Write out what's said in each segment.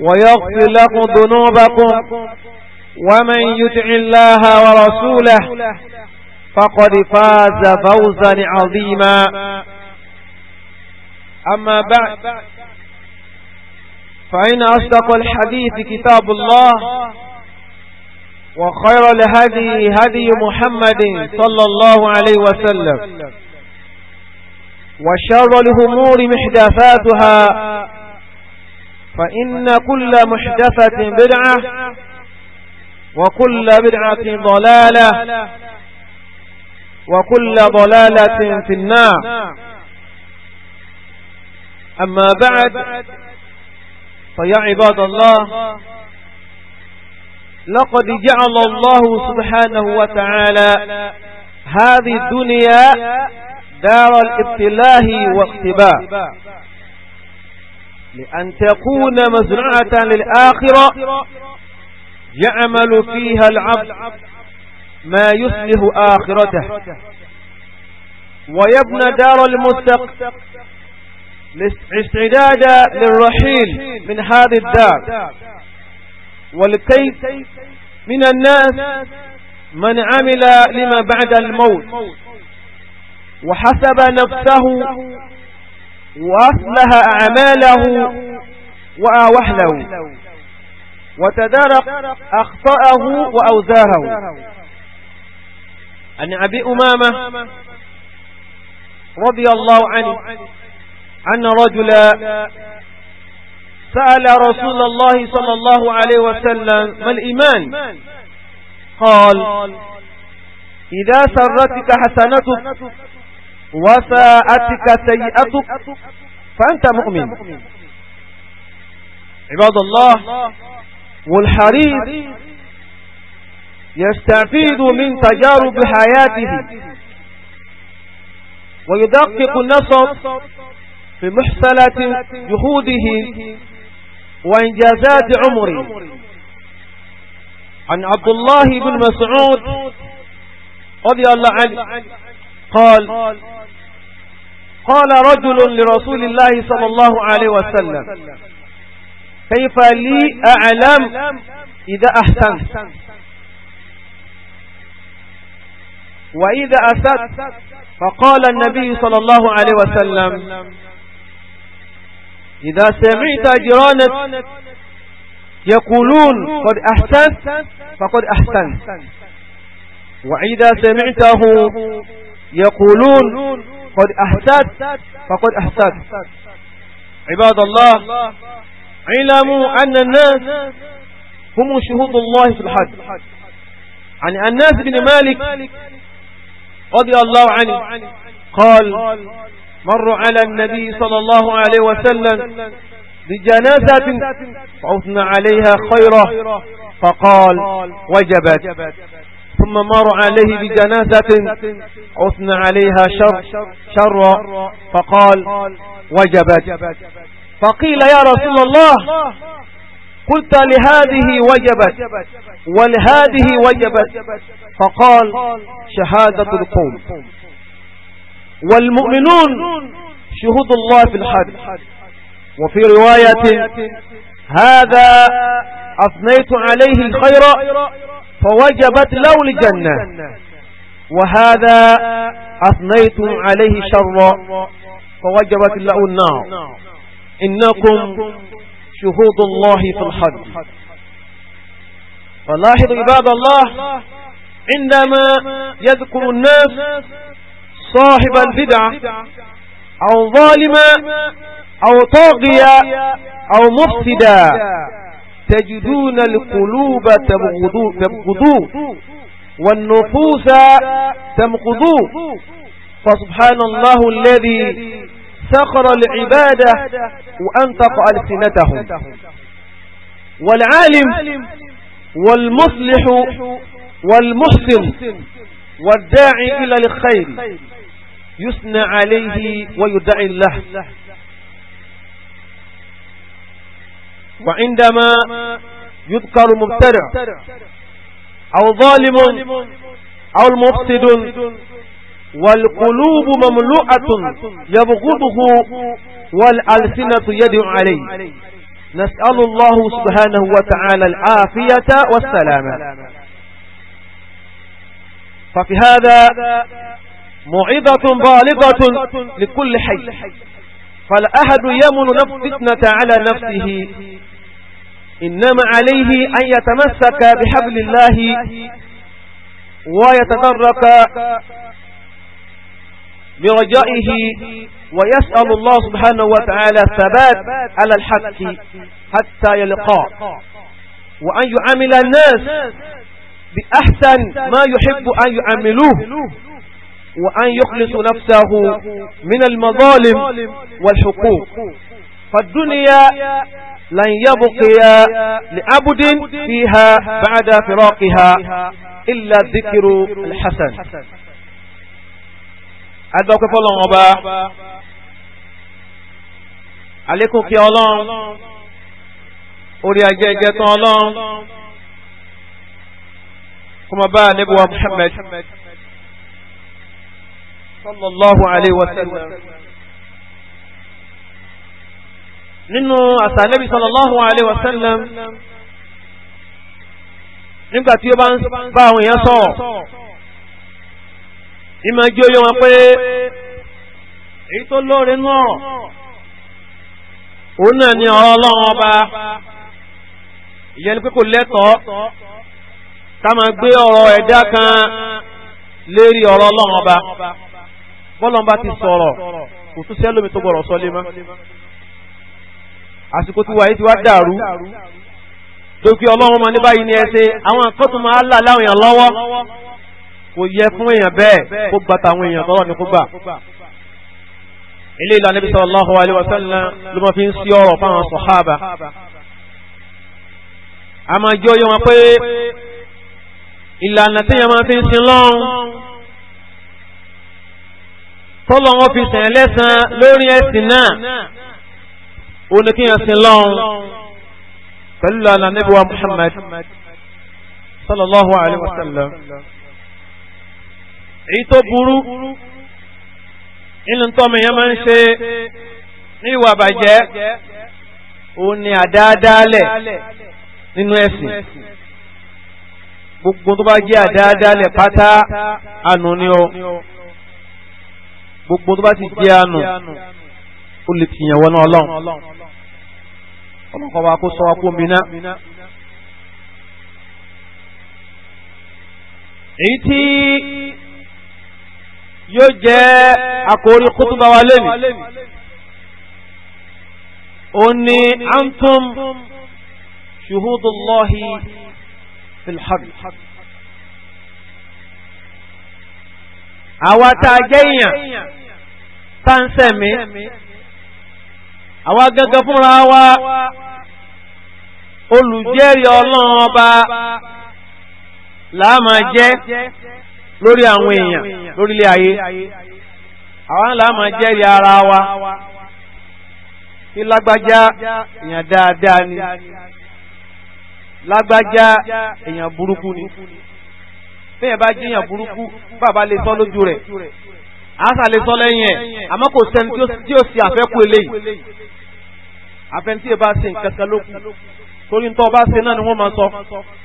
ويغفر لكم ذنوبكم ومن يتع الله ورسوله فقد فاز فوزا عظيما أما بعد فإن أصدق الحديث كتاب الله وخير لهذه هدي محمد صلى الله عليه وسلم وشر الهمور محدثاتها فإن كل محدثة بدعة وكل بدعة ضلالة وكل ضلالة في النار أما بعد فيا عباد الله لقد جعل الله سبحانه وتعالى هذه الدنيا دار الابتلاه واختباء لأن تكون مزرعة للآخرة يعمل فيها العبد ما يصلح آخرته ويبنى دار المستقبل استعدادا للرحيل من هذه الدار ولكي من الناس من عمل لما بعد الموت وحسب نفسه وأصلح أعماله وأوحله وتدارك أخطأه وأوزاره عن أبي أمامة رضي الله عنه أن رجلا سأل رسول الله صلى الله عليه وسلم ما الإيمان قال إذا سرتك حسنتك وساءتك سيئتك فأنت مؤمن عباد الله والحريص يستفيد من تجارب حياته ويدقق النصر في محصلة جهوده وإنجازات عمره عن عبد الله بن مسعود رضي الله عنه قال قال رجل لرسول الله صلى الله عليه وسلم كيف لي أعلم إذا أحسنت وإذا أسد فقال النبي صلى الله عليه وسلم إذا سمعت جيرانك يقولون قد أحسن فقد أحسنت وإذا سمعته يقولون قد أحسد فقد أحسد عباد الله علموا أن الناس هم شهود الله في الحج عن الناس بن مالك رضي الله عنه قال مروا على النبي صلى الله عليه وسلم بجنازة فعثنا عليها خيرا فقال وجبت ثم مر عليه بجنازة عثن عليها شر شر فقال وجبت فقيل يا رسول الله قلت لهذه وجبت ولهذه وجبت فقال شهادة القوم والمؤمنون شهود الله في الحد وفي رواية هذا أثنيت عليه الخير فوجبت له الجنة وهذا أثنيتم عليه شرا فوجبت له النار إنكم شهود الله في الحج فلاحظ عباد الله عندما يذكر الناس صاحب البدعة أو ظالما أو طاغية أو مفسدا تجدون القلوب تبغضو والنفوس تمقضو فسبحان الله الذي سخر العبادة وأنطق ألسنتهم والعالم والمصلح والمحسن والداعي إلى الخير يثنى عليه ويدعي الله وعندما يذكر مبتدع أو ظالم أو المفسد والقلوب مملوءة يبغضه والألسنة يدعو عليه نسأل الله سبحانه وتعالى العافية والسلامة ففي هذا موعظة بالغة لكل حي أحد يمن نفتنة على نفسه إنما عليه أن يتمسك بحبل الله ويتدرك برجائه ويسأل الله سبحانه وتعالى الثبات على الحق حتى يلقاه وأن يعامل الناس بأحسن ما يحب أن يعاملوه وأن يخلص نفسه من المظالم والحقوق فالدنيا لن يبقي لعبد فيها بعد فراقها إلا ذكر الحسن أدوك فالله أبا عليكم كي الله أولي أجيجة الله كما با نبوة محمد sallallahu alayhi wa sallam nínú àṣà Ànábì sallallahu alayhi wa sallam nígbà tí ó bá ń bá àwọn èèyàn sọ̀rọ̀ ìmọ̀ jí ó yọ wọn pé èyí tó lóore náà òun náà ni ọ̀rọ̀ ọlọ́run ọba ìyẹn ni pé kò lẹ́tọ̀ọ́ ká máa gbé ọ̀rọ̀ ẹ̀dá kan lérí ọ̀rọ̀ ọlọ́run ọba bọ́lọ̀ bá ti sọ̀rọ̀ kò tún sẹ́lómi tó gbọ́rọ̀ sọlé mọ́ àsìkò tí wàyí ti wá dàrú lókè ọlọ́run mọ́ ní báyìí ní ẹsẹ̀ àwọn nǹkan tó máa là láwọn èèyàn lọ́wọ́ kò yẹ fún èèyàn bẹ́ẹ̀ kó gba tàwọn èèyàn tọ́rọ̀ ní kó ilé ìlànà Nabi sallallahu alaihi wasallam ló mọ́ fi ń sí ọ̀rọ̀ fáwọn sọ̀háàbà a máa jẹ́ oyé wọn pé ìlànà tí èèyàn máa fi ń sin lọ́run tọ́lọ̀ wọn fi sàn lẹ́sàn lórí ẹ̀sìn náà ó ní kí yẹn sin lọ́hùn pẹ̀lú lọ́la níbi wa Muhammad sallallahu alayhi wa èyí tó burú nínú tọ́mọ yẹn máa ń ṣe ní ìwà bàjẹ́ òun ni àdáadáalẹ̀ nínú ẹ̀sìn gbogbo tó bá jẹ́ àdáadáalẹ̀ pátá ànú ni ó gbogbo tó bá ti jẹ́ àánú ó lè ti yàn wọ́n náà ọlọ́run ọlọ́kọ̀ wa kó sọ wa kó miná. èyí tí yóò jẹ́ àkórí kútùbà wa lónìí ó ní antum shuhudullahi fil àwa tá a jẹ́ èèyàn tá ń sẹ̀mí àwa gẹ́gẹ́ fúnra wa olùjẹ́rìí ọlọ́run ọba láàmà jẹ́ lórí àwọn èèyàn lórílẹ̀ ayé àwa láàmà jẹ́rìí ara wa tí lágbájá èèyàn dáadáa ni lágbájá èèyàn burúkú ni bẹ́ẹ̀ bá jẹ́yàn burúkú bàbá lè sọ lójú rẹ̀ àásàlẹ̀ sọ lẹ́yìn ẹ̀ àmọ́ kò sẹ́ni tí ó sì àfẹ́kù eléyìí àfẹ́ni tí ẹ bá ṣe nǹkan kan lókù torí tó bá ṣe náà ni wọ́n máa sọ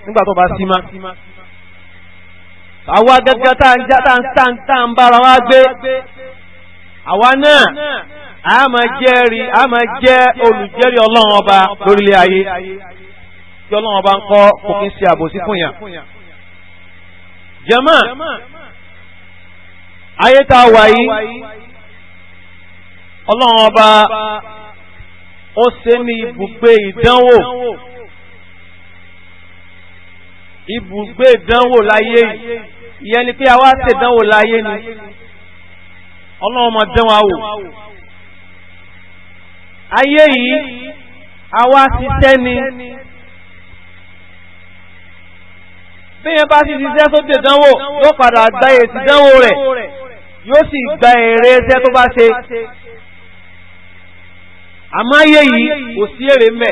nígbà tó bá sí ma. àwa gẹ́gẹ́ tá à ń já tá à wa gbé àwa náà a máa jẹ́rìí a máa jẹ́ olùjẹ́rìí ọlọ́run ọba lórílẹ̀ ayé tí ọlọ́run ọba ń kọ́ kò kí ń ṣe àbòsí fún yàn. jẹ́mọ́ ayé tá a wà yìí ọlọ́run ọba ó ṣe ní ibùgbé ìdánwò ibùgbé ìdánwò láyé yìí ìyẹn ni pé àwa ṣèdánwò láyé ni ọlọ́run ọmọ dánwò àwò ayé yìí àwa ṣiṣẹ́ ni bí yẹn bá sì ṣiṣẹ́ tó ṣèdánwò yóò padà gbáyé ṣìdánwò rẹ̀ yóò sì gba èrè ẹsẹ́ tó bá ṣe àmáyé yìí kò sí èrè mẹ́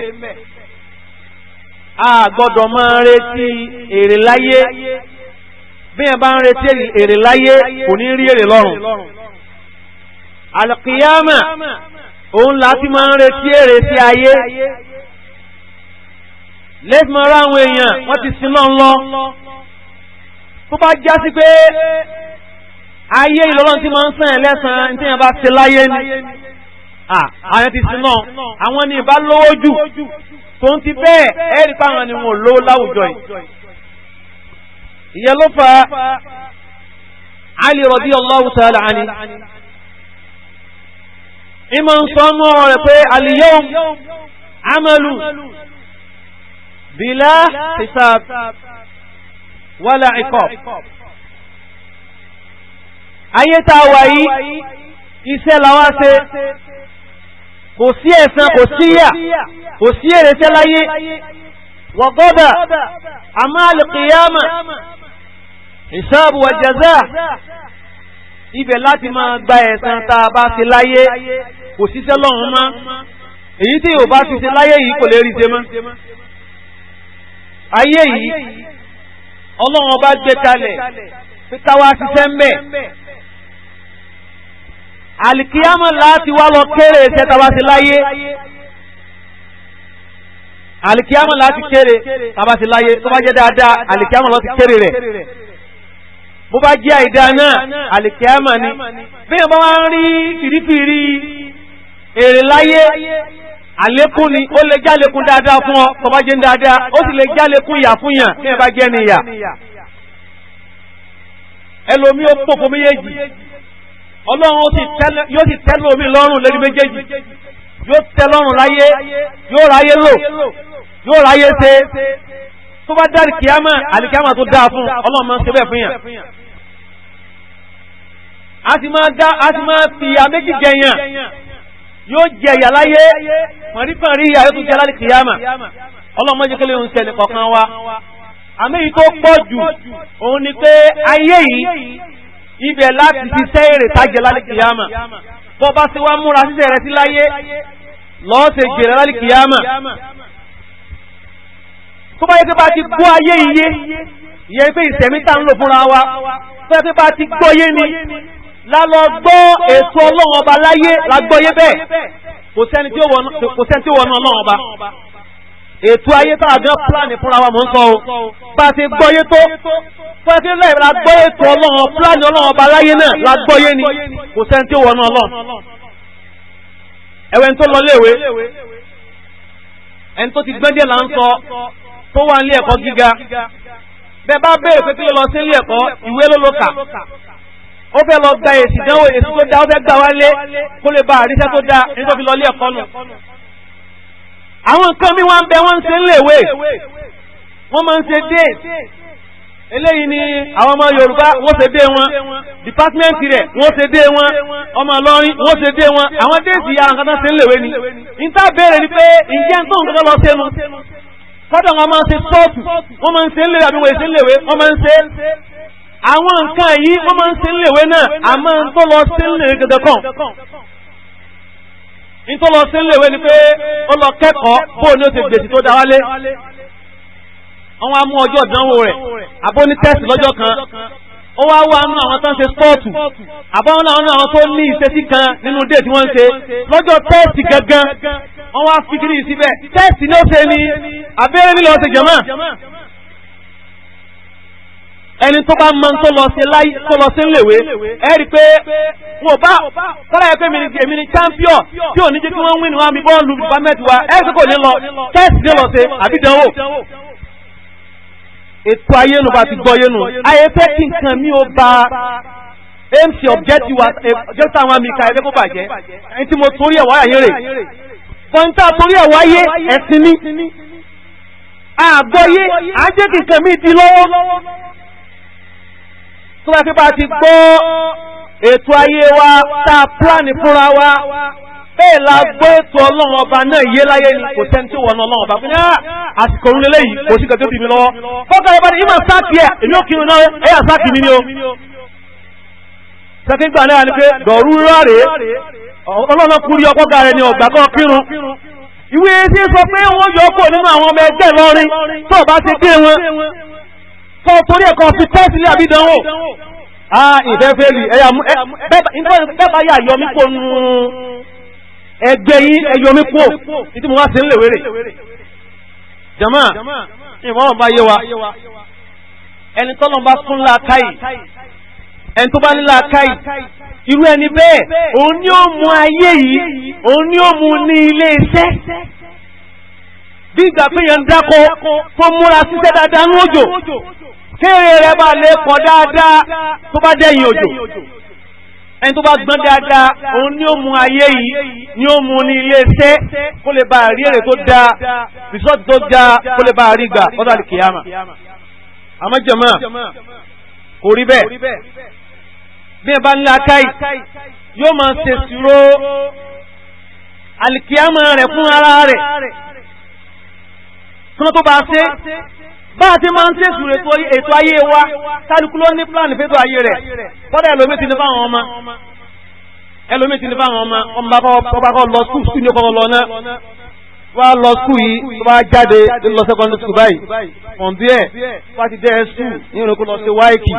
a gbọ́dọ̀ máa retí èrè láyé bí ẹ bá ń retí èrè láyé kò ní rí èrè lọ́run alkiyama òun láti máa ń retí èrè sí ayé lẹ́sìmọ́ra àwọn èèyàn wọ́n ti sin lọ́nlọ́ tó bá já sí pé ayé ìlọ́lọ́n tí máa ń sàn lẹ́sàn tí yẹn bá ti láyé ni àwọn ti sin náà àwọn ni ìbá lówó jù tó ń ti bẹ́ẹ̀ ẹ̀rí páwọn ni wọn ò lówó láwùjọ yìí ìyẹn ló fa Ali radiyallahu ta'ala anhu ìmọ̀ ń sọ mọ́ rẹ̀ pé al amalu bila hisab wala iqab ayé tá a wà yìí iṣẹ́ làwọn ṣe kò sí ẹ̀san kò sí yà kò sí èrèsẹ́ láyé wọ̀gọ́dà àmàlùkìyàmà ìṣàbù wàjẹ́zà ibẹ̀ láti máa gba ẹ̀san tá a bá ṣe láyé kò síṣẹ́ lọ́run mọ́ èyí tí yóò bá ti ṣe láyé yìí kò lè rí ṣe mọ́ ayé yìí ọlọ́run ọba gbé kalẹ̀ pé káwá ṣiṣẹ́ ń bẹ̀ àlìkíyàmọ̀ láti wá lọ kéré iṣẹ́ tá a bá ṣe láyé àlìkíyàmọ̀ láti kéré tá a bá ṣe láyé tó bá jẹ́ dáadáa àlìkíyàmọ̀ láti kéré rẹ̀ bó bá jẹ́ àìdá náà àlìkíyàmọ̀ ni bí wọ́n bá wá ń rí fìrífìrí èrè láyé àlékún ni ó lè jálékún dáadáa fún ọ tó bá jẹ́ dáadáa ó sì lè jálékún ìyà fún yàn kí ẹ bá jẹ́ ni ìyà ẹlòmí ó pòfò méjèèjì ọlọ́run yóò sì tẹ́lú omi lọ́rùn lórí méjèèjì yóò tẹ́ lọ́rùn láyé yóò ráyé lò yóò ráyé ṣe tó bá dá kìámà àlìkìámà tó dáa fún ọlọ́run máa ń ṣe bẹ́ẹ̀ fún yàn. a ti máa fi ìyá méjì jẹyàn yóò jẹ ìyá láyé pọ̀nrípọ̀nrí ìyá yóò tún jẹ lálìkìámà ọlọ́run máa ń jẹ́ kí lóyún ṣẹlẹ̀ kọ̀ọ̀kan wa àmì yìí tó pọ̀ jù òun ni pé ayé yìí ibẹ̀ láti ti sẹ́ẹ̀rẹ̀ tájẹ lálìkìyàmà bọ́ bá ti wá múra síṣẹ́ rẹ̀ sí láyé lọ́ọ̀sẹ̀ jẹ̀rẹ̀ lálìkìyàmà tó bá yẹ pé bá ti gbọ́ ayé iye ìyẹn pé ìsẹ̀mí tá ń lò fúnra wa tó yẹ pé bá ti gbọ́yé ni lálọ́ gbọ́ ètò ọlọ́run láyé lágbọ́yé bẹ́ẹ̀ kò sẹ́ni tí ó wọnú ọlọ́run ètò ayé tá a gan pílánì fúnra wa mọ̀ ń sọ o bá ti gbọ́yé tó fẹ́ẹ́tì lẹ́yìn la gbọ́yé tó ọlọ́run pílánì ọlọ́run ọba láyé náà la gbọ́yé ni kò sẹ́ni tí ó wọnú ọlọ́run ẹ̀wẹ̀ ń tó lọ léèwé ẹni tó ti gbẹ́ndé là ń sọ tó wà nílé ẹ̀kọ́ gíga bẹ́ẹ̀ bá béèrè pé kí ló lọ sí ilé ẹ̀kọ́ ìwé ló ló kà ó fẹ́ lọ gba èsì dánwò èsì tó dá ó fẹ́ gbà wálé kó lè bá àríṣẹ́ tó dá nítorí lọ ilé ẹ̀kọ́ nù àwọn nǹkan mi wọ́n ń bẹ wọ́n ń ṣe ń léwe wọ́n máa ń ṣe déètì eléyìí ni àwọn ọmọ Yorùbá wọ́n ṣe dé wọn dìpátímẹ́ǹtì rẹ̀ wọ́n ṣe dé wọn ọmọ Ìlọrin wọ́n ṣe dé wọn àwọn déètì ara nǹkan tó ṣe ń léwe ni níta béèrè ni pé ǹjẹ́ ń tó nǹkan lọ sẹ́nu kọ́dọ̀ wọn máa ń ṣe tóòtù wọ́n máa ń ṣe ń léwe àbí wọ́n ṣe ń léwe wọ́n máa ń ṣe àwọn nǹkan yìí wọ́n máa ń ṣe ń léwe náà àmọ́ ń tó lọ sí ń léwe gẹ́gẹ́ kan nítorí lọ sí ilé ìwé ni pé ó lọ kẹ́kọ̀ọ́ bóun ni ó ti gbèsè tó dá wálé àwọn amú ọjọ́ ìdánwò rẹ̀ àbó ní tẹ́sì lọ́jọ́ kan ó wá wá nínú àwọn tó ń ṣe spọ́ọ̀tù àbọ̀ wọn náà àwọn tó ní ìṣesí kan nínú dé tí wọ́n ń ṣe lọ́jọ́ tẹ́sì gangan wọ́n wá fi kiri síbẹ̀ tẹ́sì ni ó ṣe ni àbẹ́rẹ́ nílò ọ̀sẹ̀ jẹ̀mọ́ ẹni tó bá mọ tó lọ sí láyé tó lọ sí léwé ẹ rí i pé wọn bá kọ́lá yẹ pé èmi ni èmi ni champion tí ò ní jẹ́ kí wọ́n win wọn mi bọ́ọ̀lù department wa ẹ kò ní lọ tẹ́sì ní lọ sí àbí ètò ayé nu bá ti gbọ́ yé nu ayé fẹ́ kí nǹkan mi ò bá mc objective wa objective àwọn àmì ìka ẹgbẹ́ kó bàjẹ́ ẹni tí mo torí ẹ̀ wáyà yẹn rè kọ́ńtà torí ẹ̀ wáyé ẹ̀sìn ni àgbọ́yé àjẹ́kìkan mi di lọ́wọ́ tó bá ti bá ti gbọ́ ètò ayé wa tá a pílánì fúnra wa bẹ́ẹ̀ la gbọ́ ètò ọlọ́run ọba náà yé láyé ni kò sẹ́ni tí wọ́n ọlọ́run ọba fún yá ah, àsìkò òun lélẹ́yìí kò sí kẹ́kẹ́ bìbí lọ́wọ́ fọ́kà ọba ní ìmọ̀ sáàkì ẹ̀ èmi ò kiri náà ẹ̀yà sáàkì mi ni o sẹ́kíngbà náà ni pé dọ̀rú ráre ọlọ́run kú rí ọkọ́ gàrẹ́ ni ọ̀gbà kan kírun ìwé ẹsẹ̀ sọ pé wọ́n yọ kó nínú àwọn ọmọ ẹgbẹ́ lọ́rin tó ọba kọ́ torí ẹ̀kọ́ fi tẹ́sí ilé àbídánwò ah, ah ìfẹ́ fẹ́ rí ẹ̀yà mú bẹ́ẹ̀ bá yà yọ mí kó nu ẹgbẹ́ yín ẹyọ mí kó títí mo wá sí nílẹ̀ wéré jama ìwọ́n ọba yé wa ẹni tọ́lọ́ bá fún làákàyè ẹni tó bá ní làákàyè irú ẹni bẹ́ẹ̀ òun ni ó mú ayé yìí òun ni ó mú ní ilé iṣẹ́ bí ìgbà pé yẹn ń dáko tó múra síṣẹ́ dáadáa ní òjò kéèrè rẹ̀ bá lè pọ̀ dáadáa tó bá dẹ̀yìn òjò ẹni tó bá gbọ́n dáadáa òun ni ó mú ayé yìí ni ó mú ní ilé iṣẹ́ kó lè bá rí èrè tó dáa rìsọ́ọ̀tì tó dáa kó lè bá rí gbà kọ́dà lè kíyàmà àmọ́ jẹ̀mọ́ kò rí bẹ́ẹ̀ bí ẹ bá ńlá káì yóò máa ṣèṣirò àlìkíyàmà rẹ̀ fún ara rẹ̀ súnmọ́ tó bá ṣe bá a ti máa ń tẹ̀sù ètò ayé wa kálukú ló ní pílánì fẹ́tọ̀ ayé rẹ̀ kọ́dà ẹlòmí ti ní fáwọn ọmọ ẹlòmí ti ní fáwọn ọmọ ọmọ bá kọ́ lọ skul skul ní ọkọ̀ lọ náà wá lọ skul yìí tó bá jáde lọ secondary school báyìí on bí ẹ̀ wá ti dẹ́ skul ní ìrìnkú lọ sí wáìkì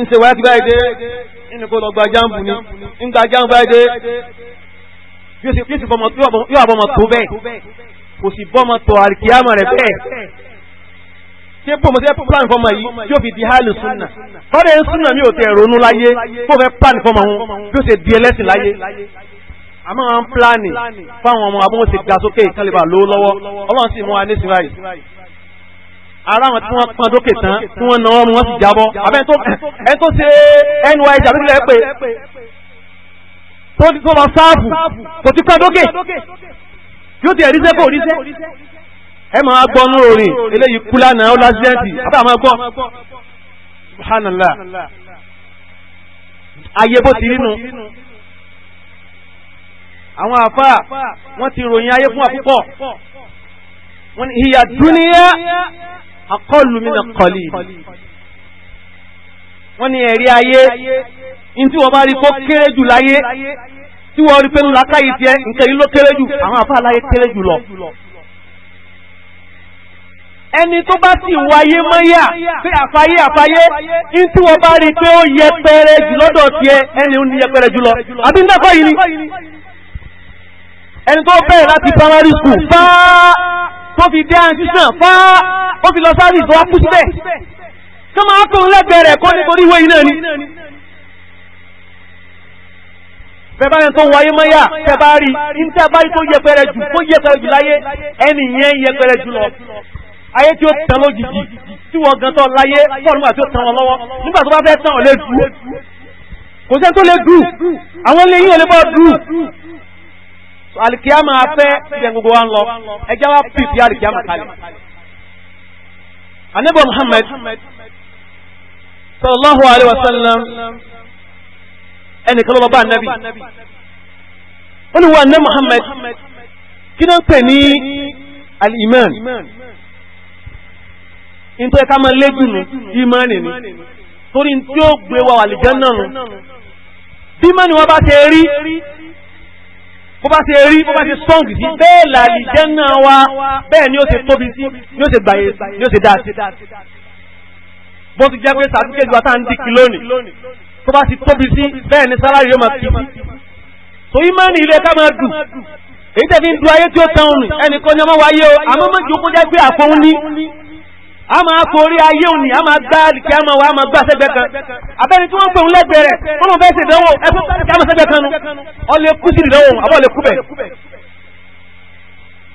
ń ṣe wáìkì báyìí dé ìrìnkú lọ gba jáàmù ni ń gba jáàmù báyìí dé yóò àbọ̀mọ̀ tó bẹ́ẹ̀ kò sì bọ́mọ tọ̀ àríkíámọ̀ rẹ̀ bẹ́ẹ̀ ṣé bó mo ṣe plan fọmọ yìí yóò fi di hálù súnà kọ́dẹ̀ ń súnà mi ò tẹ̀ ronú láyé fẹ́ plan fọmọ òun bí ó ṣe di ẹlẹ́sìn láyé àmọ́ àwọn pílánì fáwọn ọmọ abúmọ̀ ti ga sókè ìkànlẹ̀bà lówó lọ́wọ́ ọlọ́run sì mú wa ní síwáyì ara wọn tí wọ́n pọn dókè tán tí wọ́n náwó wọn sì jábọ́ abẹ́ tó ṣe ny jàbílẹ̀ pé tó bá sáàbù kò ti pọn dókè yóò ti ẹ̀ríṣẹ́ bò ríṣẹ́ ẹ máa gbọ́ ní orin eléyìí kú lánàá ó lásìdẹ́ǹtì àbá máa gbọ́ subhanallah ayé bó ti rínu àwọn àfáà wọ́n ti ròyìn ayé fún àpúpọ̀ wọ́n ni ìyà dúníyà akọlùmínà kọlì wọ́n ni ẹ̀rí ayé ní tí bá rí kó kéré jù láyé tí wọ́n rí pé ńlá káyìí tiẹ̀ nǹkan yìí ló kéré jù àwọn àfa aláyé kéré jù lọ. ẹni tó bá sì wáyé mọ́yà pé àfáyé àfáyé ní tí wọ́n bá rí pé ó yẹpẹrẹ jù lọ́dọ̀ tiẹ̀ ẹni ó ní yẹpẹrẹ jù lọ àbí nígbà kọ́ yìí ni ẹni tó bẹ̀rẹ̀ láti primary school fáá tó fi dé àǹtíṣàn fáá ó fi lọ sáré ìfọwọ́kú síbẹ̀ tó máa kún lẹ́gbẹ̀ẹ́ rẹ̀ kọ́ nítorí ìwé yìí náà ni bẹ́ẹ̀ bá yẹn tó wáyé mọ́ yá tẹ́ bá rí ní tẹ́ bá rí tó yẹpẹrẹ jù tó yẹpẹrẹ jù láyé ẹni yẹn yẹpẹrẹ jù lọ ayé tí ó tán lójijì tí wọ́n gan tán láyé pọ̀ nígbà tí ó tán wọn lọ́wọ́ nígbà tó bá fẹ́ tán ò lè dù kò sẹ́ni tó lè dù àwọn ilé yìí ò lè bọ́ dù alikiyama afẹ́ ibẹ̀ gbogbo wa ń lọ ẹjẹ́ wa pìpì alikiyama kalẹ̀ anabi Muhammad sallallahu alayhi wa sallam ẹnìkan ló bá bá ànábì ó ní wà ná Muhammad kí ló ń pè ní al-iman nítorí ká máa léjù nù ìmánì ni torí tí ó gbé wa àlìjánná nù bí mọ́ni wọn bá ṣe rí bó bá ṣe rí bó bá ṣe sọ́ǹgì sí bẹ́ẹ̀ làlìjánná wa bẹ́ẹ̀ ni ó ṣe tóbi sí ni ó ṣe gbàyè ni ó ṣe dáa sí bó ti jẹ́ pé sàtúkẹ́jù wa tá à tó bá ti tóbi sí bẹ́ẹ̀ ni sálárì yóò máa kìí tó yí máa ní ilé ká máa dùn èyí tẹ̀ fi ń du ayé tí ó tán òun ẹnì kan ní ọmọ wa yé o àmọ́ méjì ó kó jẹ́ pé àfọ̀hún ní a máa forí ayé òní a máa gbá àlìkí àmọ́ wa a máa gbá sẹ́gbẹ́ kan abẹ́ni tí wọ́n pè ń lẹ́gbẹ̀ẹ́ rẹ̀ tó lóun fẹ́ẹ́ ṣèdánwò ìdánwò àbọ̀ lè kú bẹ̀.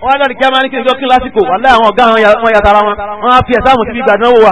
wọ́n á lálìkí ní kí n jọ kí n lásìkò wà láàrin ọ̀gá àwọn yàtara wọn wọ́n á fi ẹ̀sáàmù síbi ìgbà náà wò wa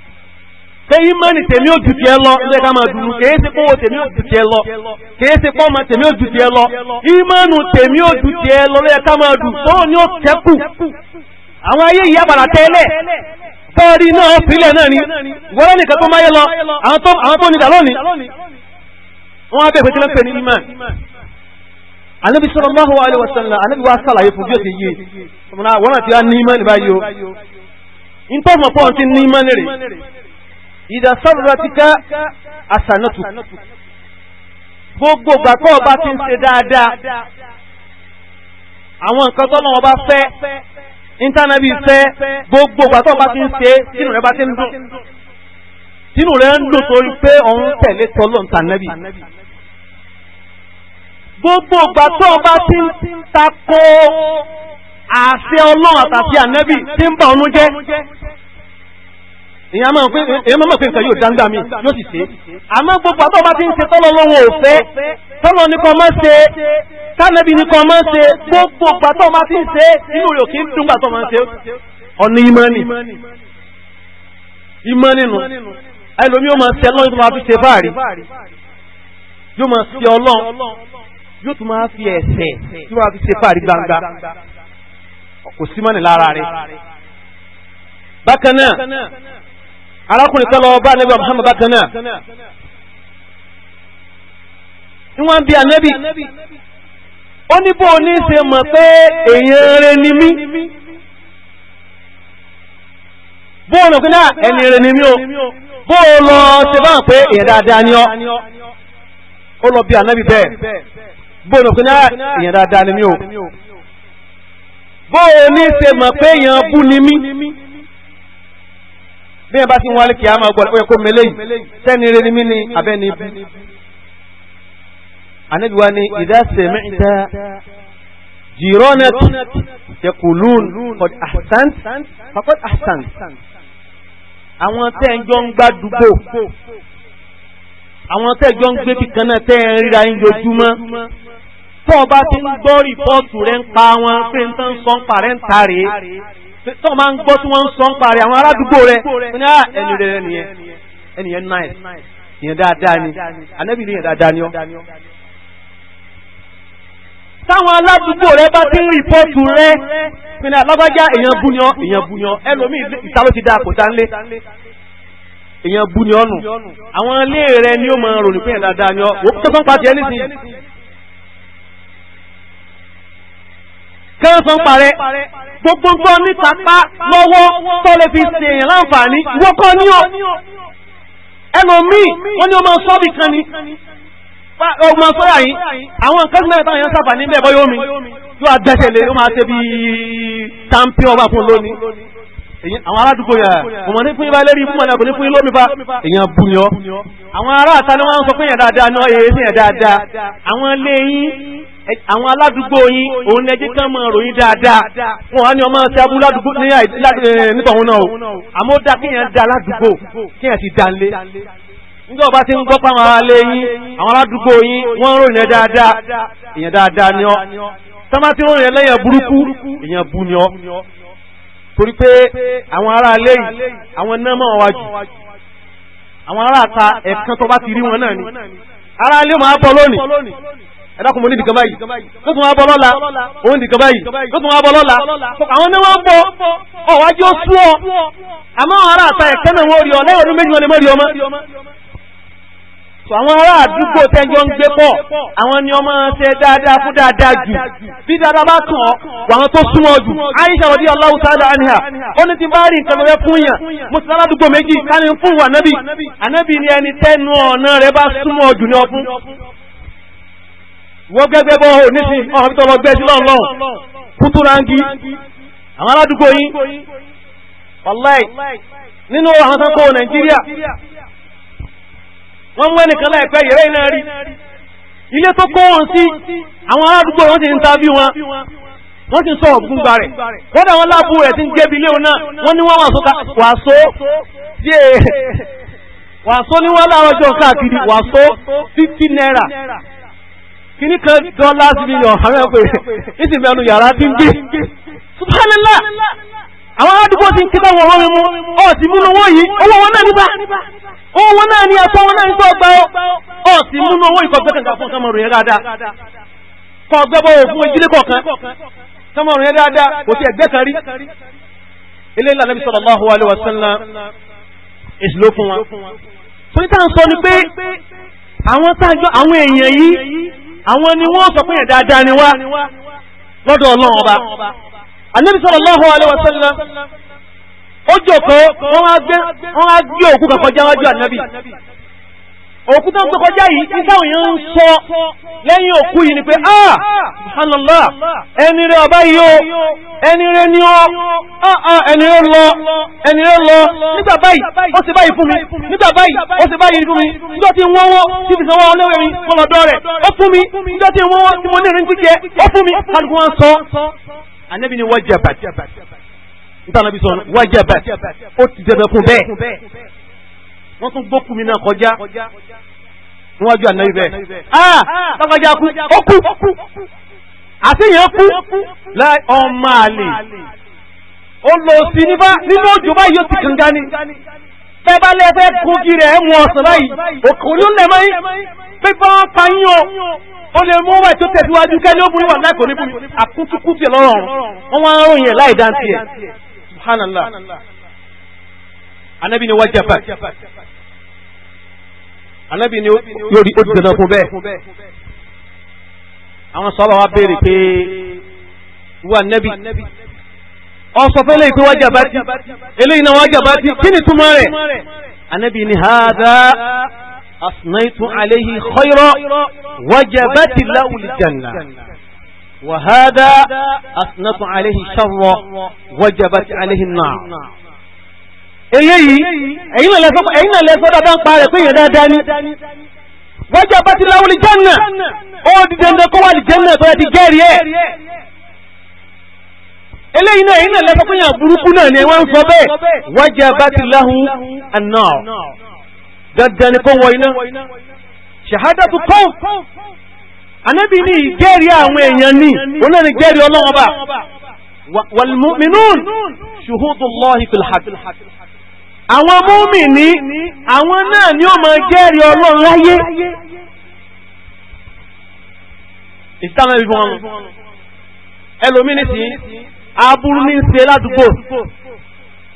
pé ìmọ̀ni tèmi ò jù tiẹ̀ lọ ilé ká máa dùnú kèé ti pọ́wọ́ tèmi ò jù tiẹ̀ lọ kèé ti pọ́mọ tèmi ò jù tiẹ̀ lọ ìmọ̀nù tèmi ò jù tiẹ̀ lọ ilé ká máa dùn tó ní ó tẹ́kù àwọn ayé ìyá padà tẹ́lẹ̀ tọ́ọ̀rí náà fílẹ̀ náà ni wọ́n nìkan tó máyé lọ àwọn tó ní dàlọ́ ni wọ́n á bẹ̀ pé kí lọ́pẹ̀ ní ìmọ̀ anabi sallallahu alaihi wasallam anabi wa sàlàyé fún bí ó ti yé wọn àti wá ní ìmọ̀ níbàyò ìdá sọ́rọ̀tíká àsànàtù gbogbo gbàgbọ́ ọba ti ń ṣe dáadáa àwọn nǹkan tọ́nà ọba fẹ́ ìntánẹ́bì fẹ́ gbogbo gbàgbọ́ ọba ti ń ṣe tínú rẹ̀ bá ti ń dùn tínú rẹ̀ ń dùn torí pé òun tẹ̀lé tọ́lọ̀ ìntánẹ́bì gbogbo gbàgbọ́ ọba ti ń takò àṣẹ ọlọ́run àtàfi ànẹ́bì tí ń bà ọ́nú jẹ́ ìyẹn máa ń pè èyí máa ń pè nǹkan yóò dáńgbà mi yóò sì ṣe àmọ́ gbogbo àbọ̀ bá ti ń ṣe tọ́lọ́ lọ́wọ́ òfẹ́ tọ́lọ́ ní kan máa ń ṣe kánẹ́bí ní kan máa ń ṣe gbogbo gbàtọ́ máa ti ń ṣe inú rẹ̀ kì í dùn gbàtọ́ máa ń ṣe ọ̀nà ìmọ̀ni ìmọ̀ni nù ẹlòmí yóò máa ṣe ọlọ́run tó máa fi ṣe báàrí yóò máa ṣe ọlọ́run yóò tún máa fi ẹ̀ṣẹ̀ tí wọ́n fi ṣe báàrí gbangba kò sí mọ́ni lára rẹ̀ bákan náà arákùnrin kan lọ bá anabi muhammad bákan náà wọ́n bí anabi ó ní bó ní ṣe mọ̀ pé èèyàn rẹ ni mí bó ọ̀nà pé náà ẹni rẹ ni mí o bó o lọ ṣe bá ń pé èèyàn dáadáa ni ọ ó lọ bí anabi bẹ́ẹ̀ bó ọ̀nà pé náà èèyàn dáadáa ni mí o bó o ní ṣe mọ̀ pé èèyàn bú ni mí bí ẹ bá ti ń wálé kí a máa gbọ́ ọ̀yẹ́ kó mẹlẹ́yìn sẹ́ni rẹ ni mí ni abẹ́ ni bí. ànábì wa ni idha sami'ta jiranati yaqulun qad ahsant faqad ahsant. àwọn tẹ́ ń jọ ń gbá dùgbò àwọn tẹ́ jọ ń gbé kíkan náà tẹ́ ń ríra yín lójúmọ́ tọ́ ti ń gbọ́ rìpọ́ọ̀tù rẹ̀ ń pa wọn pé ń tán sọ́ńpà rẹ̀ ń ta rèé tó máa ń gbọ́ tí wọ́n ń sọ ń parí àwọn aládùúgbò rẹ̀ ní ah, ẹni rẹ̀ nìyẹn ẹnìyẹn náà ìyẹn dáadáa ni ànábì ní ìyẹn dáadáa ni ọ́. táwọn aládùúgbò rẹ̀ bá ti ń rìpọ́ọ̀tù rẹ̀ pinnu alábájá ah, èèyàn bú ni ọ́ èèyàn bú ni ọ́ ẹlòmíì ìta ló ti dáa kò tá ń lé èèyàn bú ni ọ́ nù àwọn ilé rẹ̀ ni ó máa ròyìn pé ìyẹn dáadáa ni ọ́ wò ó tó sọ́n pa tiẹ̀ nísìnyí kẹ́rọ̀sán parẹ́ gbogbo nǹkan níta pa lọ́wọ́ tó lè fi ṣe èèyàn láǹfààní wọ́kọ́ ní ọ̀ ẹlòmíì wọ́n ní ọmọ sọ́ọ̀bì kan ni ọmọ sọ́yà yìí àwọn nǹkan náà táwọn èèyàn sàfà níbẹ̀ bọ́ yóò mi yóò adẹ́sẹ̀ lé ó máa ṣe bí champion ọba fún lónìí àwọn aládùúgbò yẹn mo mọ̀ ní fún yín bá lérí fún mọ̀ ní àgbò ní fún yín lómi bá èèyàn bù yọ. àwọn ará àta ni wọ́n ń sọ pé yẹn dáadáa náà èyí sí yẹn dáadáa àwọn ilé yín àwọn aládùúgbò yín òun ẹjẹ kan mọ ròyìn dáadáa wọn á ní ọmọ ṣe abú ládùúgbò ní nípa òun náà o àmọ́ ó dá kéèyàn dá aládùúgbò kéèyàn ti dá lé nígbà ọba ti ń gbọ́ pàwọn alẹ́ yín àwọn aládùúgbò yín wọ́n ń ròyìn dáadáa èèyàn dáadáa ni ọ́ tọ́mátì ròyìn ẹlẹ́yìn burúkú èèyàn bú ni ọ́ torí pé àwọn ará ilé yìí àwọn náà mọ̀ wájú àwọn ará ta ẹ̀kan tó bá ti rí wọn náà ni ará ilé máa bọ́ lónìí ẹ̀dàkùn mo ní nìkan báyìí tó tún wá bọ́ lọ́la òun nìkan báyìí tó tún wá bọ́ lọ́la àwọn ní wọ́n bọ́ ọ̀wájú ó sú ọ àmọ́ ará ta ẹ̀kan náà wọ́n rí ọ lẹ́yìn ọdún méjì wọn lè mọ́ rí ọmọ àwọn ará àdúgbò tẹ́jọ́ ń gbé pọ̀ àwọn ni ọmọ ṣe dáadáa fún dáadáa jù bí dáadáa bá kàn ọ́ àwọn tó súnmọ́ jù Aisha rọ̀dí Allahu ta'ala anha ó ní ti bá rí nǹkan lọ́wọ́ fún yàn mo ti sára àdúgbò méjì fún nábì ànábì ni ẹni tẹ́nu ọ̀nà bá súnmọ́ jù ní wọ́n gẹ́gẹ́ bọ́ ò wọ́n mú ẹnìkan láìpẹ́ yẹ̀rẹ́ iná rí ilé tó kó wọn sí àwọn aládùúgbò wọn ti ń ta wọn wọ́n ti sọ ọ̀bùn gba rẹ̀ kódà wọn láàbù rẹ̀ ti ń jẹ́bi ilé òun wọ́n ní wọ́n wàásó tí ní wọ́n láwọn ọjọ́ káàkiri wàásó fifty naira kìíní kan dollars million àwọn ẹ̀pẹ́ ìsìn mẹ́nu yàrá ti ń gbé subhanallah àwọn ti ń kí owó náà ni ẹ̀tọ́ wọn náà ń tọ́gbà ọ́ sí múnú owó ìkọ̀gbẹ́kẹ̀kà fún kọmọrù yẹn dáadáa kọ̀gbẹ́bọ̀ òfin ìdílé kọ̀ọ̀kan kọmọrù yẹn dáadáa kò sí ẹ̀gbẹ́ kan rí ilé ìlànà Nabi sallallahu alaihi wasallam èsì ló fún wa. torí tá à ń sọ ni pé àwọn tájọ́ àwọn èèyàn yìí àwọn ni wọ́n sọ pé yẹn dáadáa ni wá lọ́dọ̀ Ọlọ́run ọba Ànábì sallallahu alaihi wasallam ó jòkó wọ́n á gbé òkú kan kọjá wájú ànábì òkú kan gbé kọjá yìí tí táwọn èèyàn ń sọ lẹ́yìn òkú yìí ni pé ah subhanallah ẹni rẹ ọba yìí o ẹni rẹ ni ọ ah, ah, ẹni rẹ lọ ẹni rẹ lọ nígbà báyìí ó ṣe báyìí fún mi nígbà báyìí ó ṣe báyìí fún mi nígbà tí wọ́n wọ́ tí fi sanwó ọlẹ́wẹ̀ mi mo lọ́dọ̀ rẹ̀ ó fún mi nígbà tí wọ́n wọ́ tí mo ní ìrìn jíjẹ ó fún mi kálukú wọn sọ ànábì ni wọ́n jẹ bàjẹ́ bàjẹ́ ntànàbí sọ wájàbá ó ti dẹbẹ kún bẹ́ẹ̀ wọn tún gbókùn mi náà kọjá níwájú ànábì bẹ́ẹ̀ ah lágbájá kú ó kú àtẹyìn kú láì ọmọ àlè ó lọ sí nípa nínú òjò báyìí ó ti kànga ni bẹ́ẹ̀ bá lẹ́fẹ́ kúgi rẹ̀ mú ọ̀sán báyìí òkùn ló lẹ̀ mọ́yìn pé pa yín o ó lè mú wáyé tó tẹ̀síwájú kẹ́lẹ́ ó burú wà láì kò ní burú lọ́rọ̀ wọn wá ń ròyìn láì dáńtì ẹ̀ subhanallah anabi ni wajaba anabi ni yóò rí ó ti dandan fún bẹ́ẹ̀ àwọn sọ́ọ́bà wa béèrè pé wà nẹ́bí ọ̀sọ̀fẹ́lẹ̀ ìpé wájà bá ti eléyìí náà wájà bá ti kí ni túmọ̀ rẹ̀ ni hádá asnaitu aléhi khayra wájà ti láwùlì jannah وهذا أثنت عليه الشر وجبت عليه النار eléyìí ẹ̀yin lè sọ ẹ̀yin lè sọ dáadáa ń pa rẹ̀ pé èèyàn dáadáa ni wajabati lahul janna ó di dandan kó wà ní janna tó yẹ ti gẹ́rì ẹ̀ eléyìí náà ẹ̀yin lè sọ pé èèyàn burúkú náà ni wọ́n ń sọ bẹ́ẹ̀ wajabati lahu an-nar dandan ni kó wọ iná shahadatu kọ́ ànábì ní ìjẹ́rìí àwọn èèyàn ní òun náà ní jẹ́rìí ọlọ́wọ́n bá wàlmùmínún ṣùhùdùlọ́hì fìlhàtì àwọn mùmínì àwọn náà ni ó máa jẹ́rìí ọlọ́run láyé ìsìtàmẹ́ bí wọn ẹlòmínì sí aburú ní ṣe ládùúgbò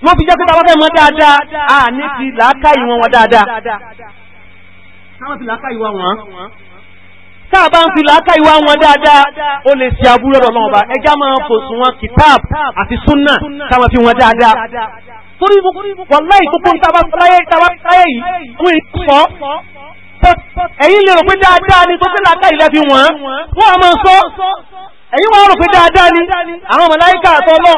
wọ́n fi jẹ́ pé bàbá fẹ́ mọ́ dáadáa à ní ti làákà ìwọ̀n wọn dáadáa tá a bá ń fi làákà ìwà wọn dáadáa ó lè ṣe àbúrò ọ̀rọ̀ náà ọba ẹja máa ń fòsùn wọn kìtáàb àti súnà káwọn fi wọn dáadáa. torí wàláì tó kún tábà táyé tábà táyé yìí fún ìsọ ẹ̀yin lè rò pé dáadáa ni tó fi làákà ìlẹ̀ fi wọ́n wọ́n a máa sọ ẹ̀yin wọ́n rò pé dáadáa ni àwọn màláíkà àtọ́ náà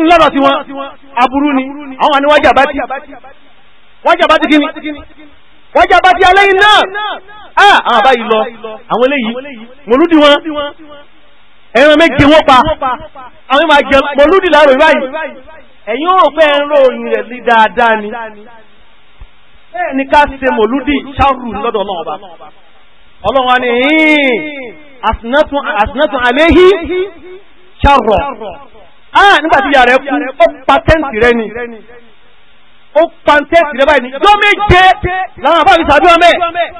ń lọ́dọ̀ tiwọn aburú ni àwọn àníwájà bá ti wájà bá ti kí ni wájá bá ti alẹ́ iná àwọn ah, àbáyìí ah, ah, lọ àwọn eléyìí mòlúdì wọn ẹran méje wọ́n pa àwọn ìmọ̀ àjẹ mòlúdì láàrọ̀ ìbáyìí ẹ̀yin ò fẹ́ ń ròyìn rẹ̀ sí dáadáa ni bẹ́ẹ̀ ni ká ṣe mòlúdì ṣáàrù lọ́dọ̀ náà ọba ọlọ́wọ́n ni àsìnàtún àléhí ṣáàrọ̀ nígbà tí ìyá rẹ̀ kú ó patẹ́ǹtì rẹ̀ ni ó pàǹtẹ́sì rẹ̀ báyìí yóò méje láwọn àbá mi sàbí ọmọ ẹ̀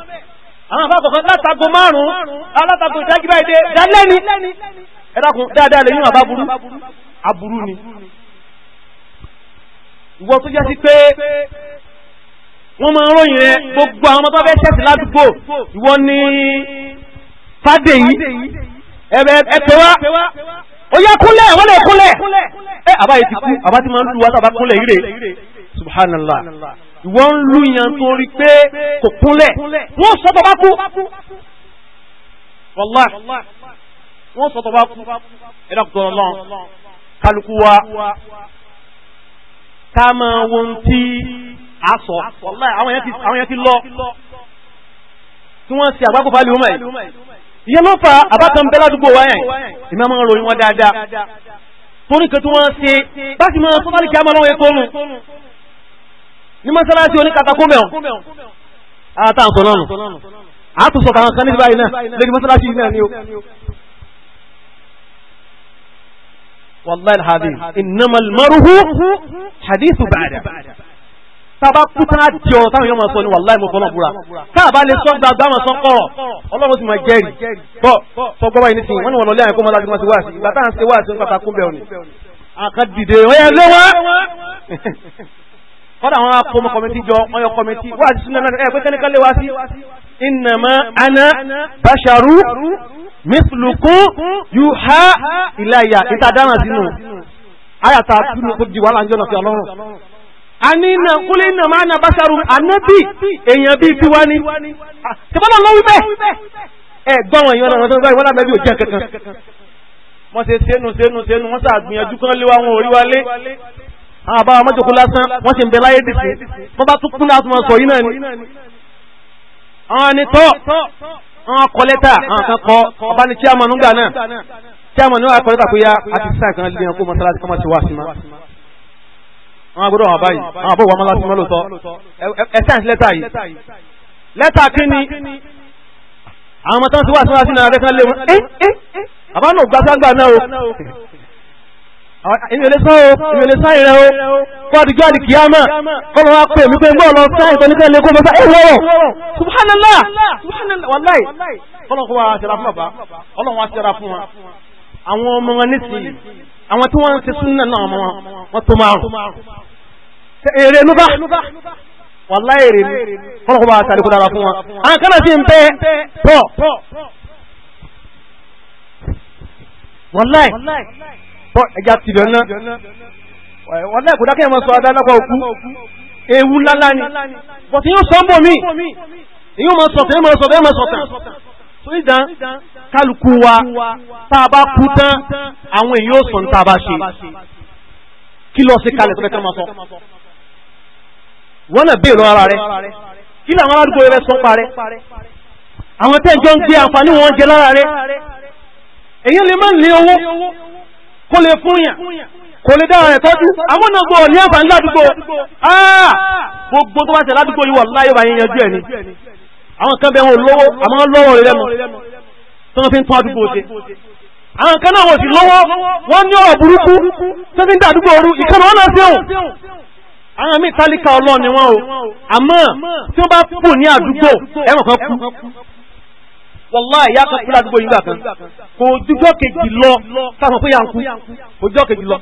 àwọn àbá kọ̀ọ̀kan látago márùn-ún alátago ìdájí báyìí dé dálẹ́ni ẹ̀dàkùn dáadáa lè yún àbá burú aburú ni ìwọ tó jẹ́ sí pé wọ́n máa ń ròyìn rẹ gbogbo àwọn ọmọ tó fẹ́ ṣẹ̀sì ládùúgbò ìwọ ni fàdé yìí ẹ̀bẹ̀ ẹ̀tọ́ wa ó yá kúnlẹ̀ wọ́n lè kúnlẹ̀ ẹ̀ àbá yìí ti kú àbá ti máa ń lu wa tó àbá kúnlẹ̀ yìí rè subhanallah ìwọ́n ń lù yàn torí pé kò kúnlẹ̀ wọ́n sọ tọba kú wọ́lá wọ́n sọ tọba kú ẹ̀dàkùtọ̀ ọlọ́run kálukú wa ká máa wo ohun tí a sọ wọ́lá àwọn yẹn ti lọ tí wọ́n ṣe àgbákò fálẹ̀ ọmọ ẹ̀ ìyẹn ló fa àbátan bẹ́lá dúgbò wa yẹn ìmọ̀ máa ròyìn wọn dáadáa torí kan tí ṣe bá máa sọ́tàlì kí a máa lọ́wọ́ ètò ọ̀run ní mọ́sálásí oníkatakó mẹ́wọ̀n àtà ń sọ̀nà nù àtúnṣọ kàwọn kan níbi báyìí náà lórí mọ́sálásí yìí náà ni ó. wàlláhi alhadi innamal maruhu hadithu ba'da tába kúta di ọ̀rọ̀ táwọn èèyàn máa sọ ni wàlláhi mo fọlọ́ búra káàbá lè sọ gbàgbà máa sọ kọ̀rọ̀ ọlọ́run sì máa jẹ́rìí bọ́ sọgbọ́n báyìí nísìnyí wọ́n ní wọ́n lọ lé àyẹ̀kọ́ máa lágbègbè wá sí ìgbà táwọn ṣe wá sí nípa takúnbẹ̀ òní. àkàdìdè ọ̀yẹ́ lé wá kọ́dà àwọn apọmọ kọmẹtí jọ ọyọ kọmẹtí wà ti súnmọ́ náà ẹ̀pẹ́ tẹ́nìkan lè wá sí innama ana basharu mithlukum yuha ilayya ìtàdára sínú ayàtà túnú tó di wàhálà ń jọ́nà sí ọlọ́run a ní na kúlé ana basharu anábì èèyàn bíi tiwa ni tẹ́bọ́lá lọ wí bẹ́ẹ̀ ẹ̀ gbọ́wọ̀n èèyàn náà wọ́n wọ́n lábẹ́ bí òjẹ́ kankan wọ́n ṣe sẹ́nu sẹ́nu sẹ́nu wọ́n ṣàgbìyànjú kan lé wa wọn orí wa lé àwọn àbáwọn mọ́jọ́kú lásán wọ́n sì ń bẹ láyé dìsí wọ́n bá tún kúnlá tún sọ yìí ni. àwọn ni àwọn kọ àwọn kan kọ ọba ní chairman nígbà náà chairman náà kọ lẹ́tà pé ya àti sáà kan lè kó mọ́sálásí kọ́mọ́ ti wá sí ma. àwọn agbọ́dọ̀ wọn báyìí àwọn àbọ̀wọ̀ mọ́sálásí mọ́ lóòótọ́ ẹ sáà lẹ́tà yìí lẹ́tà kí ni àwọn ọmọ tí wọ́n ti wá sí ma sí náà rẹ́ èmi ò o èmi ò lè o kọ́dìjọ́ àdìkìyàmà kọ́lọ́ wa pè mí pé bọ́ọ̀ lọ sáà ìtọ́ nípa ẹ̀lẹ́kọ́ bàbá ẹ̀ lọ́wọ́ subhanallah subhanallah wàláì kọ́lọ́ kó wa ṣẹra fún bàbá ọlọ́run wa ṣẹra fún wa àwọn ọmọ wọn nísìnyí àwọn tí wọ́n ń ṣe súnà náà ọmọ wọn wọ́n tó márùn èrè ló bá wàláì èrè ni kọ́lọ́ kó wa tọ́ ẹja ti dán ná wọ́n náà kò dákẹ́ mọ́ sọ adálápá òkú ewu ńláńlá ni bọ̀tí yóò sọ ń bò mí èyí mọ́ sọ̀tàn èyí mọ́ sọ̀tàn èyí mọ́ sọ̀tàn tó ìdán kálukú wa tá a bá kú tán àwọn èyí ó sọ ní tá a bá ṣe kí lọ sí kalẹ̀ tó fẹ́ kán máa sọ wọ́n náà béèrè ara rẹ̀ kí làwọn aládùúgbò rẹ̀ sọ parẹ́ àwọn tẹ́jọ́ ń gbé àǹfààní wọn jẹ lára rẹ̀ èyí lè má lé owó kó lè fún yàn kò lè dára rẹ̀ tọ́jú àwọn ọ̀gbọ̀ ní àǹfààní ládùúgbò áà ah! gbogbo tó bá tẹ̀ ládùúgbò yíwọ̀ láyé bá yẹn yanjú ẹ̀ ni àwọn kan bẹ wọn lówó àmọ́ lọ́wọ́ rẹ̀ lẹ́nu tó fi ń tún àdúgbò ṣe àwọn kan náà wọ́n sì lọ́wọ́ wọ́n ní ọ̀rọ̀ burúkú tó fi ń dàdúgbò ooru ìkànnì wọn náà sí òun àwọn míì tálíkà ọlọ́ọ̀ wọn o àmọ́ tí wọ́n bá kù ní àdúgbò ẹ̀wọ̀n kan kú wàláì yá kan kúrò àdúgbò yìí gbà kan kò dújọ́ kejì lọ táwọn pé yà ń kú kò dújọ́ kejì lọ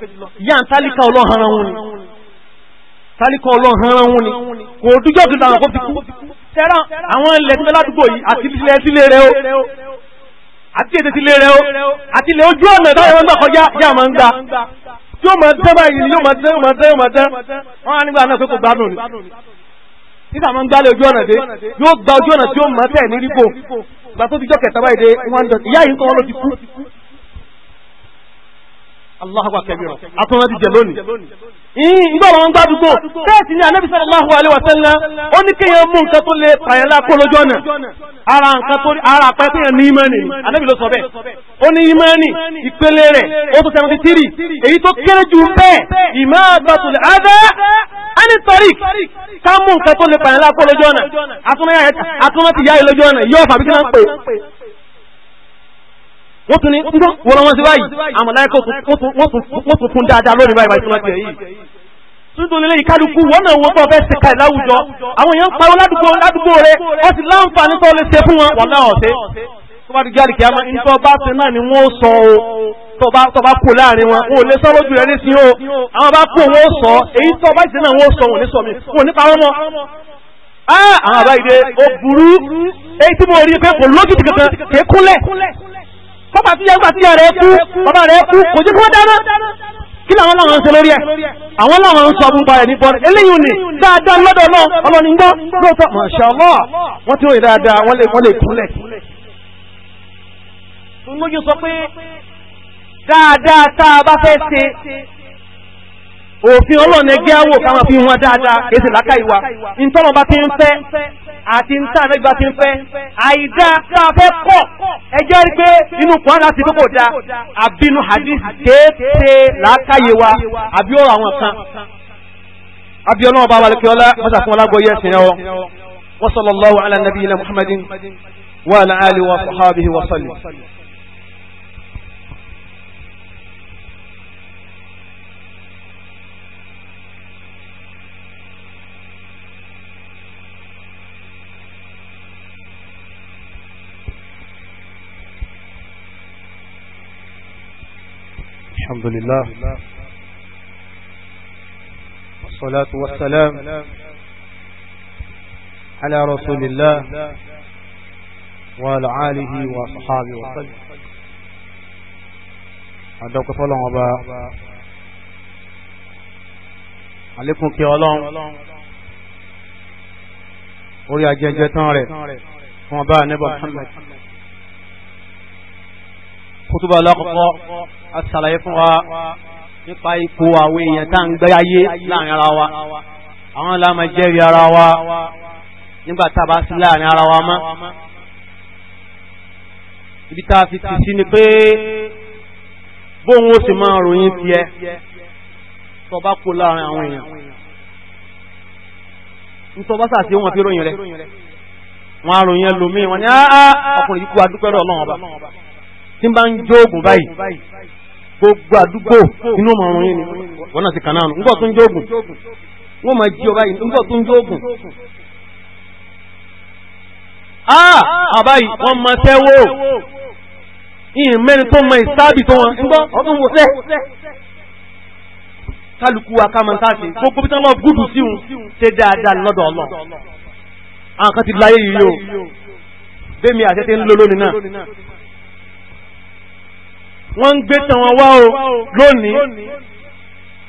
yà ń tálíkà ọlọ́hànrán wọn ni tálíkà ọlọ́hànrán wọn ni kò dújọ́ kejì làwọn kò fi kú tẹ́rà àwọn ilẹ̀ tí bẹ́lá àdúgbò yìí àti ilẹ̀ sílé rẹ o àti èdè sílé rẹ o àti ilẹ̀ ojú ọ̀nà ìdáyẹ̀wọ̀n gbà kọjá yà máa ń gbà yóò máa tẹ́ báyìí ni yóò máa tẹ́ yóò máa tẹ́ yóò máa tẹ́ wọ́n á nígbà náà pé kò gbádùn ni nígbà máa ń gbálẹ̀ ojú ọ̀nà dé yóò gba ojú ọ̀nà tí ó máa tẹ̀ ní rípò gbà tó ti jọ́ kẹta báyìí dé wọ́n dọ̀ ìyá yìí ń kọ́ wọn ló ti kú. Allahu akẹ́bìrọ̀ atúnwá ti jẹ lónìí. Ìgbà wọn gbádùgbò tẹ́ẹ̀tì ní Ànábì sallallahu alaihi wa sallam ó ní kéèyàn mú nǹkan tó lè tàyẹ̀ lápò lójú ọ̀nà. Ara nǹkan tó ara àpẹẹ kéèyàn ní ìmánì ni Ànábì ló sọ bẹ́ẹ̀. Ó ní ìmánì ìpele rẹ̀ ó tó seventy three èyí tó kéré jù bẹ́ẹ̀ ìmọ̀ a ní tọ́rí ká mú nǹkan tó lè pààyàn lápò lójú ọ̀nà àtúnmọ́ ti yá yìí lójú ọ̀nà yóò fàbí kí náà ń pè wọ́n tún ní ndó wọ́n wọ́n sí báyìí àmọ̀láyẹ́kọ̀ wọ́n tún fún dáadáa lónìí báyìí báyìí túnmọ̀ tiẹ̀ yìí tuntun lè kálukú wọn náà wọ́n tó ọbẹ̀ ṣe ká ìláwùjọ àwọn èèyàn pariwo ládùúgbò ládùúgbò rẹ wọ́n sì láǹfààní tó lè ṣe fún wọn wọ́n náà ọ̀sẹ̀ ni wọ́n tọba kú láàrin wọn wọn ò lè sọ lójú rẹ nísìn o àwọn bá kú wọn ó sọ èyí tó bá ìsìn náà wọn ó sọ wọn ò ní sọ mi wọn ò ní parọ́ mọ́. àwọn àbá ìdè ó burú èyí tí mo rí pé kò lójútì kankan kò kúnlẹ̀ kọ́pà tí yẹn gbà tí yẹn rẹ̀ kú bàbá rẹ̀ kú kò jẹ́ kí wọ́n dáná kí làwọn làwọn ń ṣe lórí ẹ àwọn làwọn ń sọ fún parẹ ní bọ́ọ̀lù eléyìí ò ní dáadáa lọ́dọ̀ náà ọlọ́ni ń gbọ́ lóòótọ́ Masha Allah wọ́n ti ròyìn dáadáa wọ́n lè kúnlẹ̀. mo yóò sọ pé dáadáa tá a bá fẹ́ ṣe òfin ọlọ́ọ̀nà ẹgbẹ́ àwò káwọn fi wọn dáadáa èsì láká ìwà ìtọ́nà bá ti ń fẹ́ àti ìta àmẹ́gbẹ́ bá ti ń fẹ́ àìdá tá a fẹ́ pọ̀ ẹjẹ́ rí pé inú kan láti tó kò da àbínú hadith kéèké làákàyè wa àbí àwọn kan àbí ọlọ́wọ́ bá wà lókè ọlá mọ́tà fún ọlágbọ́ ala nabiyyina Muhammadin wa ala alihi wa sahbihi wa sallim الحمد لله والصلاة والسلام على رسول الله وعلى آله وصحابه وسلم àdọ́kọ̀ fọ́lọ́n ọba àlékún kí ọlọ́run orí ajẹjẹ tán rẹ̀ fún ọba nẹ́bọ̀ Muhammad kótóbá ọlọ́kọ̀ọ́ àti sàlàyé fún wa nípa ipò àwọn èèyàn tá ń gbé ayé láàrin ara wa àwọn aláàmà jẹ́rìí ara wa nígbà tá a bá sí láàrin ara wa mọ́ ibi tá a fi ti sí ni pé bóun ó sì máa ròyìn tiẹ̀ tó bá kó láàrin àwọn èèyàn nítorí wọ́n sàṣe wọn fi ròyìn rẹ̀ wọ́n á ròyìn ẹlòmíì wọ́n ọkùnrin yìí kú adúpẹ́rẹ́ ọlọ́run ọba tí n bá ń jóògùn báyìí gbogbo àdúgbò inú ọmọ ọrùn yìí ni wọn náà ti kàn náà nígbà tó ń jóògùn wọn máa jí ọ báyìí nígbà tó ń jóògùn. Ah! àbáyìí wọn máa tẹ́wọ́ ìyìn mẹ́rin tó mọ ìsáàbì tó wọn nígbà ọdún wò sẹ́ kálukú wa ká máa sáàsì gúdù sí un ṣe dáadáa lọ́dọ̀ ọlọ́ àwọn kan ti láyé yìí o bẹ́ẹ̀ mi àṣẹ ti ń lólónìí náà wọ́n ń gbé tàn wọn wá o lónìí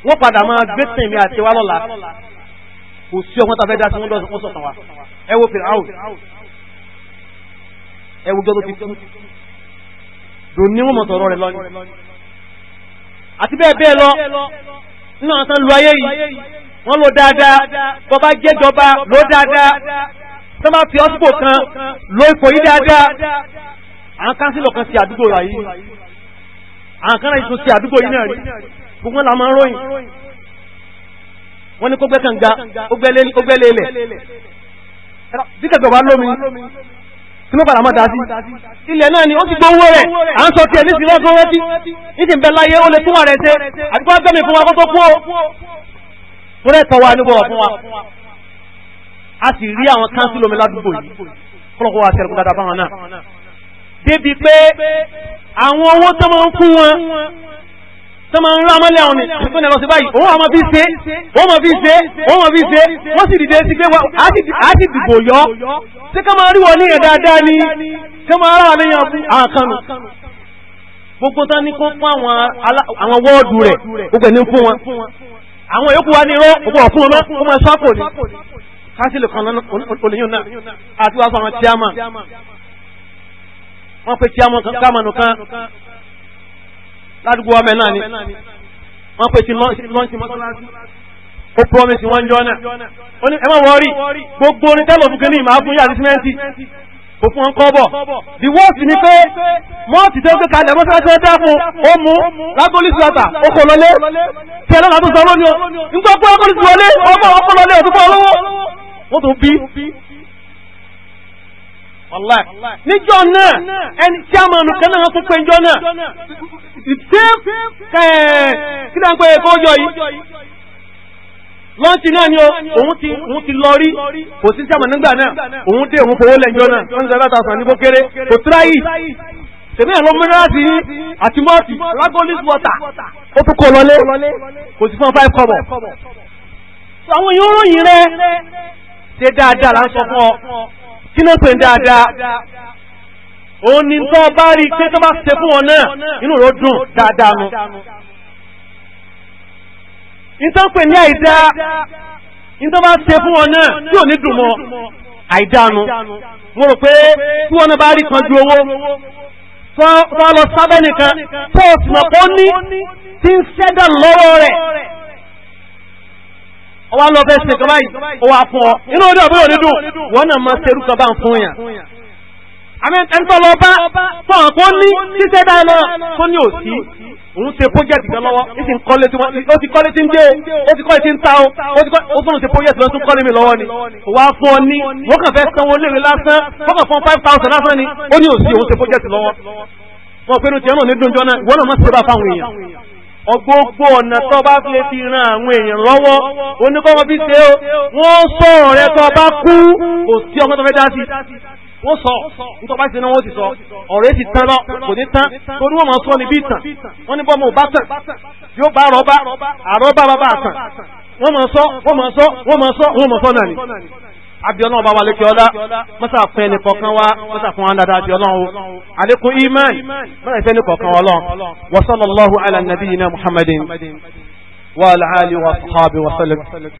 wọ́n padà máa gbé tàn mí àti wá lọ́la kò sí ọgbọ́n tàbí dáa tí wọ́n lọ́sọ̀ sọ̀tàn wa ẹ wo fèrè áwò ẹ wo gbọ́dọ̀ ti kú lónìí wọ́n mọ̀ sọ̀rọ̀ rẹ̀ lọ́nìí àti bẹ́ẹ̀ bẹ́ẹ̀ lọ nínú àwọn tán lu ayé yìí wọ́n lo dáadáa bọba jẹ́jọba ló dáadáa tó máa fi ọ́sìpò kan ló ipò yìí dáadáa àwọn kánsílọ̀ kan ti àdúgbò rà yìí àǹkárá yìí tún sí àdúgbò yìí náà rí gbogbo la máa ń ròyìn wọ́n ní kó gbẹ́ kànga ó gbẹ́lé ilẹ̀ bí kẹ̀kẹ́ wà lómi tí ló padà máa dá sí ilẹ̀ náà ni ó ti gbówó rẹ̀ à ń sọ tiẹ̀ ní sílẹ̀ tó rẹ́tí ní ti ń bẹ láyé ó lè tún wà rẹ̀ ṣe àdúgbò agbẹ́mi fún wa kó tó kú ó fún rẹ̀ tọ́ wa ní bọ̀wọ̀ fún wa a sì rí àwọn kánsílò mi ládùúgbò yìí fún ọkọ̀ wa tẹ̀lé kó dáadáa fáwọn náà débi pé àwọn owó tó máa ń fún wọn tó máa ń rán amọ́lẹ̀ àwọn nìkan tó ní ẹ̀rọ sí báyìí òun àmọ́ fi ṣe òun mọ̀ fi ṣe òun mọ̀ fi ṣe wọ́n sì dìde sí pé a ti dìbò yọ ṣé ká máa rí wọn ní ẹ̀ dáadáa ni ṣé máa rà léyàn àkànnù gbogbo tán ní kó fún àwọn wọ́ọ̀dù rẹ̀ gbogbo ẹ̀ ní fún wọn àwọn yòókù wa ní irọ́ gbogbo ọ̀fún wọn ó máa ṣọ́pọ̀ ni kásìlì kan lọ́nà olóyún náà àti wàá fún àwọn tíámà wọ́n pe ti àwọn kámanu kan ládùúgbò ọmọ náà ni wọ́n pe ti lọ́ǹtì mọ́sálásí ó promise wọ́n jọ náà ó ní gbogbo orin tẹ́lọ̀ ìmọ̀ yàrá kò fún bọ̀ the ni pé mọ́ọ̀tì ọjọ́ fún ó mú ó kò lọlé tí tó sọ lónìí o nígbà pé ọkọ̀ lọlé ọmọ ọkọ̀ lọlé níjọ́ náà ẹni tí a máa nù kẹ́nà tún pé níjọ́ náà ìtẹ́ kí náà ń pè é kó yọ yìí lọ́ǹtì náà ni òun ti òun ti lọ rí kò sí sábà nígbà náà òun dé òun fowó lẹ́jọ́ náà wọ́n ti sọ láta sàn ní bó kéré kò tíráyì tèmi ẹ̀ ló mú láti àti mọ́ọ̀tì lágọ́lìs wọ́tà ó tún kó lọlé kò sí fún five kọ́bọ̀. àwọn yòó ròyìn rẹ ṣe dáadáa là ń sọ fún ọ kí ló pè ń dáadáa òun ni tó bá rí i pé tó bá ṣe fún ọ náà inú rẹ dùn dáadáa nu nítorí pé ní àìdá nítorí bá ṣe fún ọ náà tí ò ní dùn mọ́ àìdánu mo rò pé tí wọn bá rí kan ju owó tó lọ sábẹ́ nìkan tó o sì mọ̀ pé ó ní tí ń ṣẹ́dọ̀ lọ́wọ́ rẹ̀ ọwá lọ fẹ́ ṣe kọba yìí ọwá fún ọ inú ọdún ọ̀bí òní dùn wọ́n náà máa ṣerú kọba fún yàn àmì ẹ̀ńtọ́ lọ bá fún ọ̀pọ̀ ní ṣíṣẹ́ dáa lọ tó ní òsì òun ṣe project kan lọ́wọ́ ó ti kọ́lé tí ó ti kọ́lé tí ń dé ó ti kọ́lé tí ń ta ó ó tún ṣe project lọ́wọ́ tún kọ́lé mi lọ́wọ́ ni wà á fún ọ ní wọ́n kàn fẹ́ sanwó léèrè lásán wọ́n kàn fún five thousand lásán ni ó ní òsì òun ṣe project lọ́wọ́ wọn pinnu tiẹ̀ náà ní dúnjọ́ náà ìwọ náà má ṣe bá fáwọn èèyàn ọgbógbó ọ̀nà tó bá fi lè fi ran àwọn èèyàn lọ́wọ́ oníkọ́mọ bí ṣe ó wọ́n sọ ọ̀rẹ́ tó bá kú kò sí ọmọ tó fẹ́ dá sí wọ́n sọ nítorí bá ti náà wọ́n sì sọ ọ̀rẹ́ ti tán lọ kò ní tán torí wọ́n máa sọ níbi ìtàn wọ́n ní bọ́mọ bá tàn yóò bá àrọ́bá àrọ́bá bàbá àtàn wọ́n wọ́n máa sọ wọ́n máa sọ wọ́n máa sọ náà ni abiola ọba wa lẹkẹ ọlá mọsà fún ẹnì kọ̀ọ̀kan wa mọsà fún wa dáadáa abiola o àlékún iman mọsà ìfẹ́ ẹnì kọ̀ọ̀kan wa lọ wa sallallahu ala muhammadin wa ala wa sahabi wa sallam.